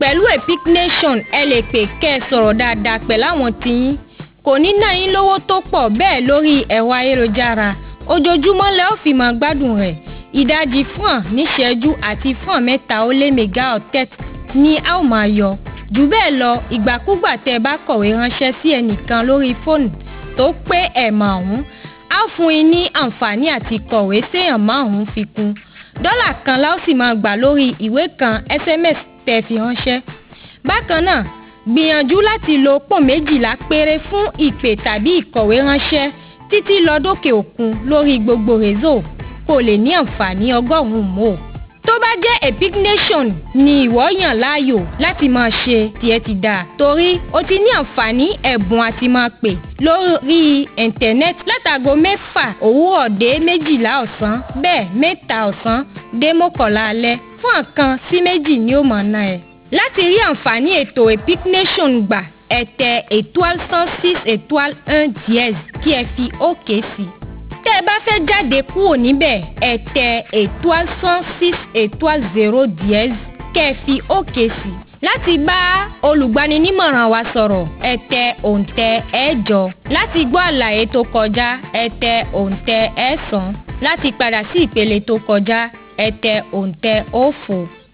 Pẹ̀lú Epic Nation, ẹ lè pè kẹ́ ẹ sọ̀rọ̀ dáadáa pẹ̀láwọn tiyín, kò ní ná yín lówó tó pọ̀ bẹ́ẹ̀ lórí ẹ̀rọ ayélujára, ojoojúmọ́ lẹ ó fi máa gbádùn rẹ̀, ìdajì franc níṣẹ́jú àti franc mẹ́ta ó lé mégawatts ni a ó máa yọ. Jù bẹ́ẹ̀ lọ, ìgbàkúùgbà tẹ́ ẹ bá kọ̀wé ránṣẹ́ sí ẹnìkan lórí fóònù tó pé ẹẹ́mà ọ̀hún, á fún yín ní àǹfààní àti kọ̀wé séèyàn márùn-ún fi kún. Dọ́là kan la ó sì máa gbà lórí ìwé kan SMS tẹ́ fi ránṣẹ́. Bákan náà, gbìyànjú láti lo pò méjìlá péré fún ìpè tàbí ìkọ̀wé ránṣẹ́ títí lọ dókè òkun lórí gbogbo rézò kó lè ní àǹfààní ọgọ́rùn-ún mò. Tó bá jẹ́ Epic Nation ni ìwọ yàn láàyò láti máa ṣe tiẹ̀ ti dáa torí o ti ní àǹfààní ẹ̀bùn àti máa pè lórí íńtánẹ́ẹ̀tì látago mẹ́fà òwúrọ̀ dé méjìlá ọ̀sán bẹ́ẹ̀ mẹ́ta ọ̀sán dé mọ́kànlá alẹ́ fún ọ̀kan sí méjì ni ó mọ̀ ná ẹ. láti rí àǹfààní ètò epic nation gbà ẹ tẹ étoile cent six étoile un dièse kí ẹ fi ok sí. tẹ́ ẹ bá fẹ́ jáde kúrò níbẹ̀ ẹ tẹ étoile cent six étoile zero dièse kẹ́ ẹ fi òkè sí. láti bá olùgbaninímọ̀ràn wa sọ̀rọ̀ ẹ tẹ òǹtẹ̀ ẹ̀jọ láti gbọ́ àlàyé tó kọjá ẹ tẹ òǹtẹ̀ ẹ̀sán láti padà sí ìpele tó kọjá ete und der ofu.